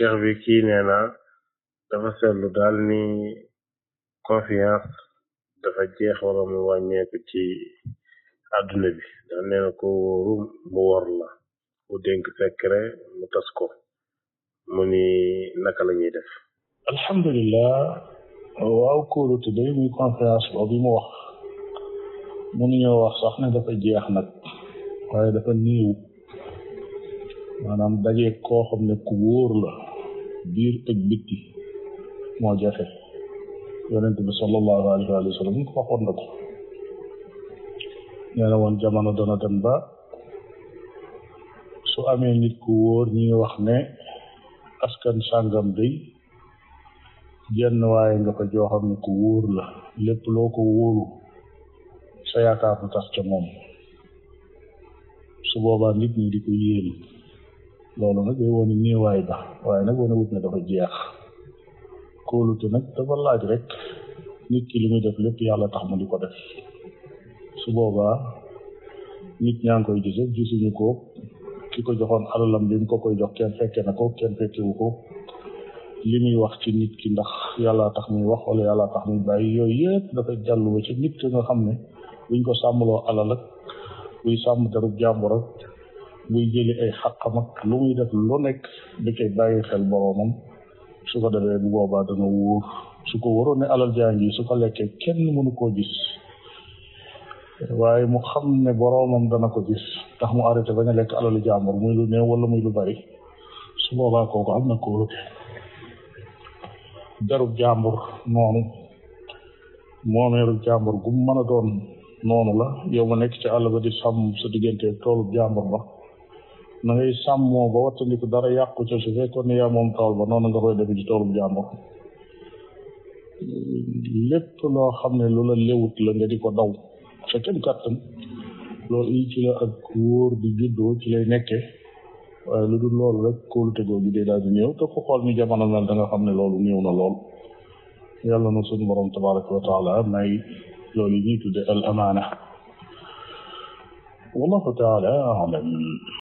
cheikh bi kii nee na dafa seetlu daal ni confiance dafa jeex wala mu wàññeeku ci àdduna bi daal nee na ko wóoru mu wor la mu dénk secret mu tas ko mu ni naka la ñuy def alhamdulilah waaw kóolute day muy confiance boobu mu wax mënuñoo wax sax ne dafa jeex nag waaye dafa néew maanaam daje koo ne ku wóor la biir ak bitti moo jafe yonent bi sallallahu alayhi wa sallam waxoon na ko nee na woon jamono dana ba su amee nit ku wóor ñi wax ne askan sàngam day jenn waaye nga ko joo ne ku wóor la lépp loo ko wóoru sa yaakaar bu tax ca moom su boobaa nit ñi di ko yéen loolu nag day wane néewaay ba waaye nag wane wut ne dafa jeex kóolute nag dafa laaj rek nit ki li muy def lépp yàlla tax mu di ko def su boobaa nit ñaa ngi koy gise gisuñu ko ki ko joxoon alalam bi mu ko koy jox kenn fekke na ko kenn fekkewu ko li muy wax ci nit ki ndax yàlla tax muy wax wala yàlla tax muy bàyyi yooyu yëpp dafa jàllu ba ci nit ki nga xam ne buñ ko sàmmloo alal ak buy sàmm darub jàmbur muy jëli ay xàqam lu muy def lu nekk da koy bàyyi xel boroomam su ko defee bu boobaa dana wóor su ko waroon ne alal jaa ngi su ko lekkee kenn mënu koo gis waaye mu xam ne boroomam dana ko gis tax mu arrêté ba a lekk alalu jàmbur muy lu néew wala muy lu bari su boobaa kooku am na koo daru jàmbur noonu moomeeru jàmbur gum mën a doon noonu la yow ma nekk ci àll ba di sàmm su diggante toolu jàmbur la na ngay sàmmoo ba wattandiku dara yàqu ca su fekkoon yaa moom tool ba noonu nga koy defe ci toolu jàmbur lépp loo xam ne lu la léwut la nga di ko daw sa kenn kàttan loolu yi ci la ci lay nekkee waaye lu dul loolu rek kóolute googu dee daal di ñëw te ku xool ni jamono mel da nga xam ne loolu néew na lool yàlla na suñu borom tabaraka wa taala may loolu yi ñuy tudde al amaana wallahu taala alam